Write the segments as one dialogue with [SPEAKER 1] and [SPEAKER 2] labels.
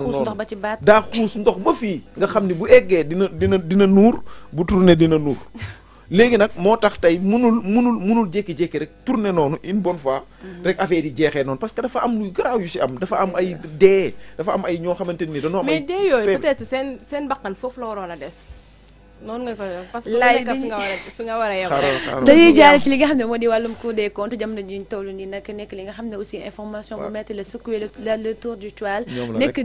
[SPEAKER 1] xuus ndox ba ci baat daa xuus ndox ba fii nga xam ni bu eggee dina dina dina nuur bu tourné dina nuur léegi nag moo tax tey munul munul munul jékki-jékki rek tourné noonu une bonne fois mm-hmm. rek affaire yi jeexee noonu parce que dafa am luy garaaw yu si am dafa am ay dee dafa am ay ñoo xamante ni dañoo am ay mais dee yooyu peut-être
[SPEAKER 2] seen seen bakkan foofu la waroon a des noonu nga ko parce que lay bi fi nga war a yem dañuy jaare ci li nga xam ne moo di wàllum Cour des comptes jamono ji ñu toll nii nag nekk li nga xam ne aussi information bu metti la secouer le tour du nekk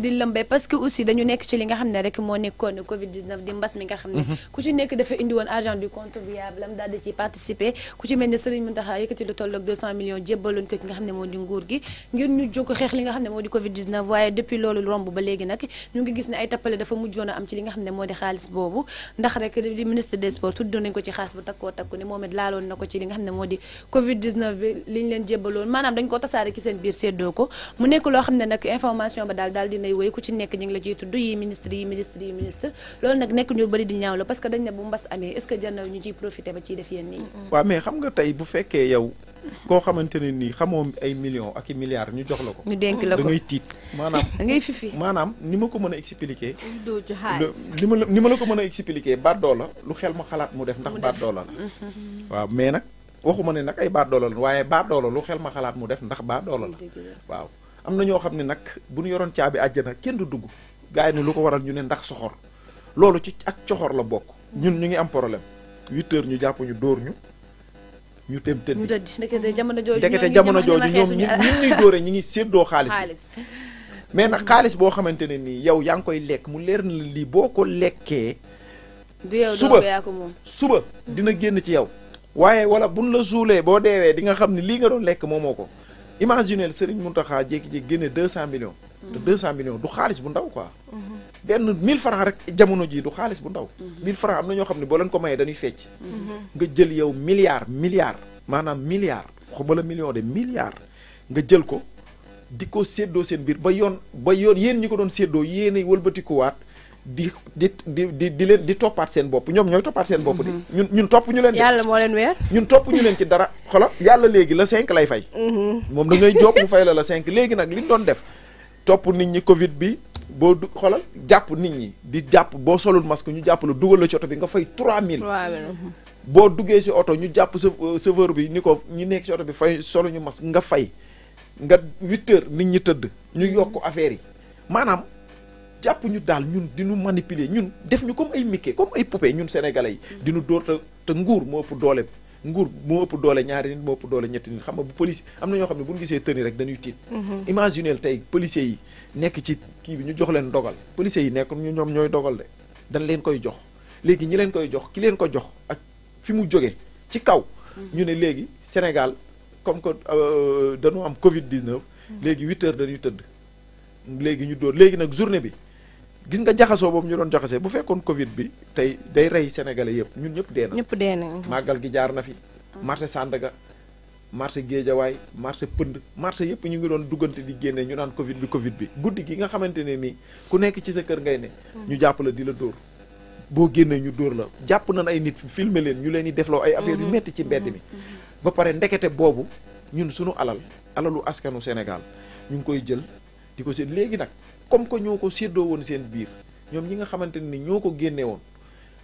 [SPEAKER 2] parce que aussi dañu nekk ci li nga xam ne rek moo nekkoon covid 19 di mbas mi nga xam ne mhm. ku ci nekk dafa indi woon argent du contribuable am daal di ci participer ku ci mel ne Serigne a yëkkati lu toll ak 200 millions jébbaloon ko ki nga xam ne moo di nguur gi ngir ñu jóg xeex li nga xam ne moo di covid 19 waaye depuis loolu romb ba léegi nag ñu ngi gis ne ay tappale dafa mujjoon a am ci li nga xam ne moo di xaalis boobu rek li ministre des sports tuddoon nañu ko ci xaas bu takkoo takku ni moom it laaloon na ko ci li nga xam ne moo di Covid 19 bi li ñu leen jébbaloon maanaam dañ ko tasaare ci seen biir séddoo ko mu nekk loo xam ne nag information ba daal dinay wéy ku ci nekk ñu la ciy tudd yi ministre yi ministre yi ministre loolu nag nekk ñu bëri di ñaaw la parce que dañ ne bu mbas amee est jar na ñu ciy profité ba ciy def yéen nii.
[SPEAKER 1] waaw mais xam nga tey bu fekkee koo xamante ne nii xamoo ay millions ak i ñu jox la ko. ñu dénk la ko da ngay tiit maanaam. da ngay fifi maanaam ni ma ko mën a expliquer. doo ci li ma la ni ma la ko mën a expliquer baatdoo la lu xel ma xalaat mu def ndax baatdoo la la. Mm-hmm. waaw mais nag waxuma ne nag ay baatdoo la la waaye baatdoo la lu xel ma xalaat mu def ndax baatdoo la la. waaw am na ñoo xam ne nag bu ñu yoroon caabi àjjana kenn du dugg. gars yi ne lu ko waral ñu ne ndax soxor loolu ci ak coxor la bokk. ñun ñu ngi am problème huit heures ñu jàpp ñu dóor ñu ñu dem tëdd ñu
[SPEAKER 2] tëdd ndekete jamono jooju ndekete jamono jooju ñoom ñi ñuy
[SPEAKER 1] ñi ngi séddoo xaalis bi mais nag xaalis boo xamante ne nii yow yaa ngi koy lekk mu leer na lii boo ko lekkee suba suba dina génn ci yow waaye wala buñ la suulee boo deewee di nga xam ne lii nga doon lekk moomoo ko imaginel mun Mountakha jékki jekki génne deux cent millions te mm. deux cent millions du xaalis bu ndaw quoi mm-hmm. benn mille francs rek jamono jii du xaalis bu ndaw. 1000 mhm. francs am na ñoo xam ne boo leen ko mayee dañuy fecc. Mhm. nga jël yow milliard milliard maanaam milliard xubala million de milliards nga jël ko di ko séddoo seen biir ba yoon ba yoon yéen ñi ko doon séddoo yéen a wëlbatikuwaat di di di di leen di toppaat seen bopp ñoom ñooy toppaat seen bopp di mhm. ñun ñun topp ñu leen yàlla moo leen ñun topp ñu leen ci dara xolo yàlla léegi la cinq lay fay moom li ngay jóob mu fay la la cinq léegi nag li ñu doon def topp nit ñi Covid bi boo du xoolal jàpp nit ñi di jàpp boo solul masque ñu jàpp la dugal la ci oto bi nga fay 3000. 3000 mhm. boo duggee si oto ñu jàpp sa chauffeur euh, bi ni ko ñu nekk si oto bi fay solo ñu masque nga fay nga 8 heures nit ñi tëdd. ñu mhm. yokk affaire yi maanaam. jàpp ñu daal ñun di ñu manipuler ñun def ñu comme ay Mickey comme ay poupée ñun sénégalais yi. Mhm. di ñu te te nguur moo ëpp doole bi nguur moo ëpp doole ñaari nit moo ëpp doole ñetti nit xam nga bu police am na ñoo xam ne bu ñu gisee tenue rek dañuy tiit. Mhm. imagineel tey policiers yi nekk ci kii bi ñu jox leen dogal policiers yi nekk ñu ñoom ñooy dogal de dañ leen koy jox léegi ñi leen koy jox ki leen ko jox ak fi mu jógee ci kaw. Mhm. ñu ne léegi Sénégal comme que euh, dañoo am Covid 19. Mhm. léegi huit heures dañuy tëdd léegi ñu dóor léegi nag journée bi. gis nga jaxasoo boobu ñu doon jaxasee bu fekkoon Covid bi tey day rey sénégalais yëpp ñun ñëpp dee na. ñëpp dee na. màggal gi jaar na fi. Mm. marché Sandaga marché Géejawaay marché Pënd marché yëpp ñu ngi doon duggante di génne ñu naan Covid bi Covid bi guddi gi nga xamante ne nii ku nekk ci sa kër ngay ne. Mm. ñu jàpp la di la dóor. boo génnee ñu dóor la jàpp na ay nit filmer leen ñu leen di defloo ay affaires yu métti mm-hmm. ci mbedd mi. Mm-hmm. ba pare ndekete boobu ñun suñu alal alalu askanu Sénégal ñu ngi koy jël di ko seet léegi nag comme que ñoo ko séddoo woon seen biir ñoom ñi nga xamante ni ñoo ko génne woon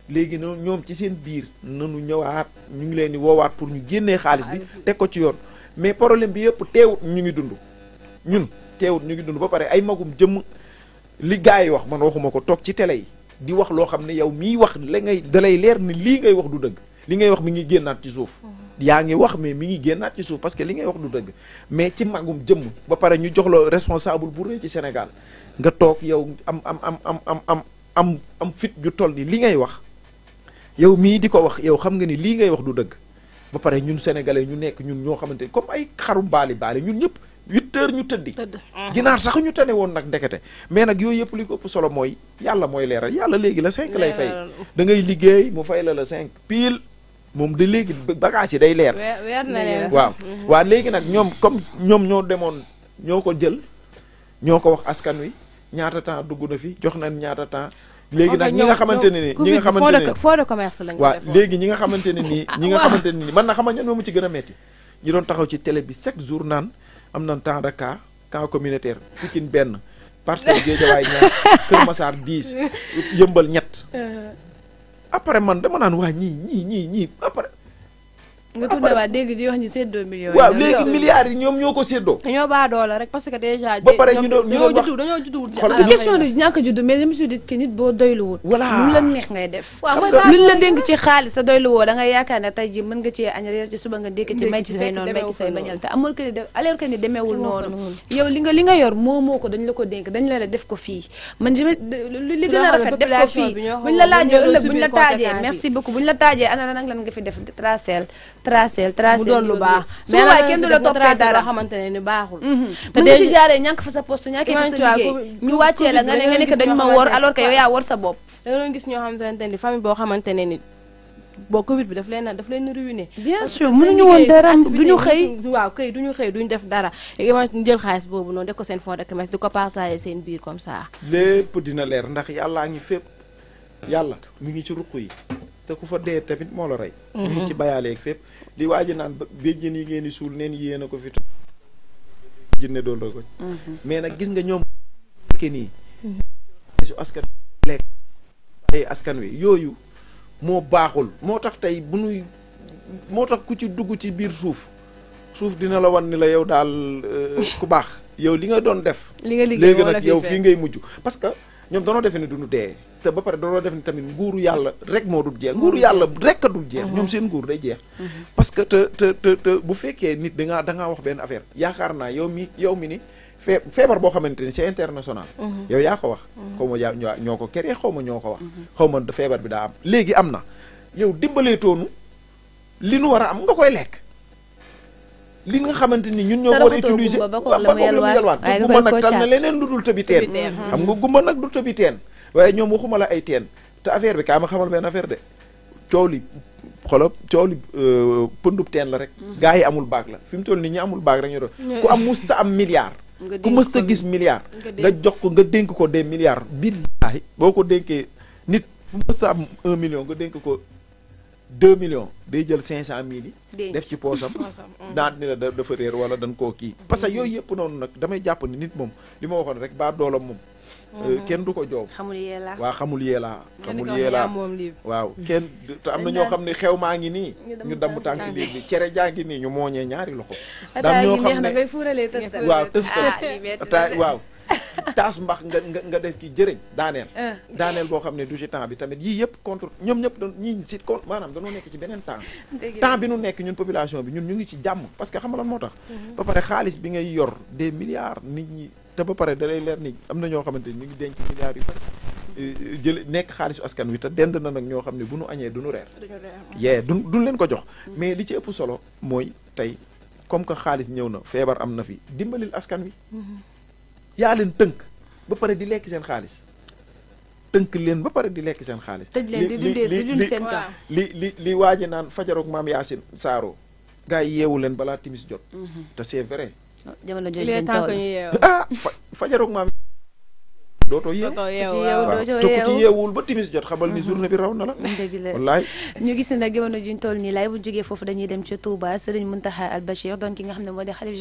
[SPEAKER 1] léegi noonu ñoom ci seen biir nanu ñëwaat ñu ngi leen di woowaat pour ñu génnee xaalis bi teg ko ci yoon mais problème bi yëpp teewut ñu ngi dund ñun teewut ñu ngi dund ba pare ay magum jëmm li gars yi wax man waxuma ko toog ci tele yi di wax loo xam ne yow mii wax la ngay dalay leer ni lii ngay wax du dëgg li ngay wax mi ngi génnaat ci suuf mm-hmm. yaa ngi wax mais mi ngi génnaat ci suuf parce que li ngay wax du dëgg mais ci magum jëmm ba pare ñu jox loo responsable bu rëy ci Sénégal nga toog yow am am am am am am am am fit ju toll ni li ngay wax yow mii di ko wax yaw xam nga ni lii ngay wax du dëgg ba pare ñun sénégalais ñu nekk ñun ñoo xamante ni comme ay xaru baali baali ñun ñëpp huit heures ñu tëddi mm-hmm. ginaar sax ñu tane woon nag ndekete mais nag yooyu yëpp li ko ëpp solo mooy yàlla mooy leeral yàlla léegi la cinq lay fay da ngay liggéey mu fay la la cinq pile moom de léegi bagage yi day leer.
[SPEAKER 2] weer na leer waaw.
[SPEAKER 1] waa léegi nag ñoom comme ñoom ñoo demoon ñoo ko jël ñoo ko wax askan wi ñaata temps dugg na fi jox nañ ñaata temps. léegi nag ñi nga xamante ne nii ñi nga xamante ne fond
[SPEAKER 2] de commerce lañ ko def waaw
[SPEAKER 1] léegi ñi nga xamante ne nii ñi nga xamante ne nii man na xama ñan moomu ci gën a metti ñu doon taxaw ci télé bi chaque jour naan am nañ temps de cas camp communautaire Pikine benn Parcelles Guédiawaye ñaar Kër Massar 10 yëmbal ñett euh. après man dama naan waa ñii ñii ñii ñii
[SPEAKER 2] nga ah, tourné waat dégg di ñu séddoo millions yi. léegi milliards
[SPEAKER 1] yi ñoom ñoo ko séddoo.
[SPEAKER 2] dañoo baa doole rek parce que déjà. ba
[SPEAKER 1] pare ñu doon ñu doon
[SPEAKER 2] wax dañoo ci question de ñàkk a juddu mais je me suis tey jii mën nga cee añ reer ci suba nga dékk ci may ci say noonu may ci say bañal te amul que def alors que ni noonu. yow li nga yor moo ko dañ la ko dénk dañ la la def ko fii man jëme li gën a rafet def ko fii buñ la laajee ëllëg buñ la taajee merci beaucoup buñ la taajee ana lan nga fi def tracel tracel tracel mu doon lu baax mais waaye kenn du la toppee dara xamante ne ni baaxul mhm. te mën nga ci jaaree sa poste ñàkkee fa ñu wàccee la nga ne nga bopp da doon gis ñoo xamante ne boo xamante ne ni boo Covid bi daf leen daf leen ruiné. bien sûr mënuñu woon dara duñu xëy waaw kay duñu xëy duñu def dara ma jël xaalis boobu noo def ko seen fond de commerce di ko partagé seen biir comme ça
[SPEAKER 1] lépp dina leer ndax yàllaa ngi fépp yàlla mu ñu ci ruq yi te ku fa dee tamit moo la rey. Mhm. ci bayaaleeg fépp li waaj a naan béjjën yi ngeen di suul neen yéen a ko fi. jinne doon mhm. mais nag gis nga ñoom. fekkee nii. Mhm. su askan lekk ay askan wi yooyu moo baaxul moo tax tey bu nuy moo tax ku ci dugg ci biir suuf suuf dina la wan ni la yow daal euh, ku baax yow li nga doon def. li nga liggéey léegi nag yow fii ngay mujj parce que ñoom danoo defe ne du ñu dee. te ba pare dañoo def tamit nguuru yàlla rek moo dul jeex nguuru yàlla rek a dul jeex ñoom seen nguur day jeex parce que te te te bu fekkee nit da ngaa da ngaa wax benn affaire yaakaar naa yow mi yow mi ni feebar boo xamante ni c'est international yow yaa ko wax xaw ma yaa ñoo ko keree xaw ma ñoo ko wax xaw ma feebar bi daa am léegi am na yow dimbalee toonu li nu war a am nga koy lekk li nga xamante ni ñun ñoo war a utiliser ba ko la mu yalwaan gumba nag tal na leneen lu dul tëbi teen xam nga gumba nag du tëbi teen waaye ñoom waxuma la ay teen te affaire bi kaa ma xamal benn affaire de coow li xolop coow li euh, pëndub teen la rek. Mhm. gaa yi amul baag la fi mu toll nii ñi amul baag rek ñu doon. am musta am milliard. ku mësta gis milliard. nga jox ko nga dénk ko des milliards. billaahi boo ko dénkee nit fu mësta am million nga dénk ko deux millions day jël cinq cent mille yi. def ci poosam. Mm. naat ni la dafa réer wala dañ koo kii. Mm. parce que yooyu yëpp noonu nag damay jàpp ni nit moom li ma waxoon rek baa doolam moom.
[SPEAKER 2] Euh, kenn du
[SPEAKER 1] ko waa xamul yeelaa waaw xamul yeelaa xamul yeelaa waaw kenn am na ñoo xam ne xew maa ngi nii ñu dam tànk liir bi cere jaa ngi nii ñu mooñee ñaari loxo dam ñoo xam ne ngay
[SPEAKER 2] fuuralee tëstal waaw tëstal ah, waaw
[SPEAKER 1] taas mbax nga nga nga def ki jëriñ daaneel euh. daaneel boo xam ne du ci temps bi tamit yii yëpp contre ñoom ñëpp da ñii si contre maanaam dañoo nekk ci beneen temps temps bi nu nekk ñun population bi ñun ñu ngi ci jàmm parce que xam nga moo tax mhm. ba pare xaalis bi ngay yor des milliards nit ñi te ba pare da leer ni am na ñoo xamante ni ñu ngi denc milliards yu euh, jël nekk xaalisu askan wi te dend na nag ñoo xam ne bu nu añee du nu reer. yee du duñ leen ko jox. Mm. mais li ci ëpp solo mooy tey comme que xaalis ñëw na feebar am na fi dimbalil askan wi. Mm-hmm. yaa leen tënk ba pare di lekk seen xaalis. tënk leen ba pare di lekk seen xaalis. tëj leen di li li li waaje naan fajaroog maam Yaasin Saaro. gars yi yeewu leen balaa timis jot. Mm-hmm. te c'est jamono jooju dañ toll ah fajaroog maam. dootoo yeewu dootoo yeewu ci ah, yeewul ba timis jot xamal ni mm-hmm. journée bi raw na la. dëgg la ñu
[SPEAKER 2] gis ne nag jamono juñ toll nii laay bu jógee foofu dañuy dem ca Touba Serigne Mountakha Al Bachir doon ki nga xam ne moo di xalif